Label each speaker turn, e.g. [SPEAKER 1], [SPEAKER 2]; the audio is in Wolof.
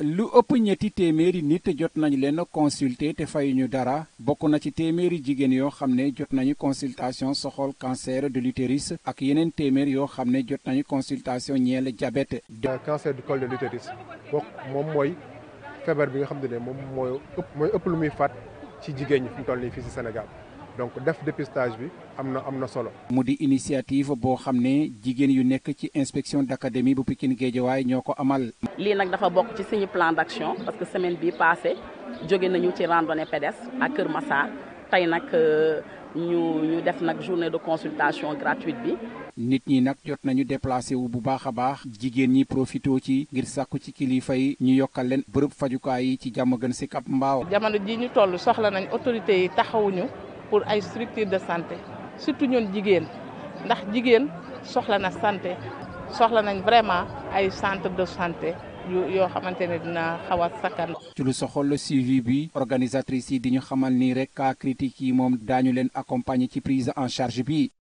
[SPEAKER 1] lu ëpp ñetti téeméeri nit jot nañu leen consulter te fayuñu dara bokk na ci téeméeri jigéen yoo xam ne jot nañu consultation soxol cancer de l'utérus ak yeneen téeméer yoo xam ne jot nañu consultation ñeel diabète. cancer du col de l'utérus bokk moom
[SPEAKER 2] mooy feebar bi nga xam ne moom mooy ëpp mooy ëpp lu muy faat ci jigéen ñi fi mu toll nii fii si Sénégal donc def dépistage bi am na am na solo.
[SPEAKER 1] mu di initiative boo xam ne jigéen yu nekk ci inspection d'académie bu Pikine Guédiawaye ñoo ko amal.
[SPEAKER 2] lii nag dafa bokk ci suñu
[SPEAKER 3] plan d'action parce que semaine bii passée jóge nañu ci randonnée pédestre à Kër Massar tey nag euh, ñu ñu def nag journée de consultation gratuite bi.
[SPEAKER 1] nit ñi nag jot nañu déplacé wu bu baax a baax jigéen ñi profité ci ngir sàkku ci kilifa yi ñu yokkal leen bërëb fajukaay yi ci jàmm gën si Cap mbaaw.
[SPEAKER 4] jamono ji ñu toll soxla nañ autorité yi taxawuñu. pour ay structure de santé surtout ñun jigéen ndax jigéen soxla na santé soxla nañ vraiment ay centre de santé yoo xamante ne
[SPEAKER 1] dina xaw a sakkan. ci lu soxol suivi bi organisatrice yi di ñu xamal ni rek cas critique yi moom daañu leen accompagner ci prise en charge bi.